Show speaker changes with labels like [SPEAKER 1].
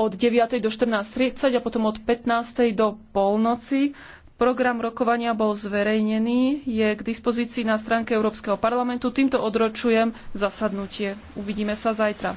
[SPEAKER 1] od 9. do 14.30 a potom od 15. do polnoci. Program rokovania bol zverejnený, je k dispozícii na stránke Európskeho parlamentu. Týmto odročujem zasadnutie. Uvidíme sa zajtra.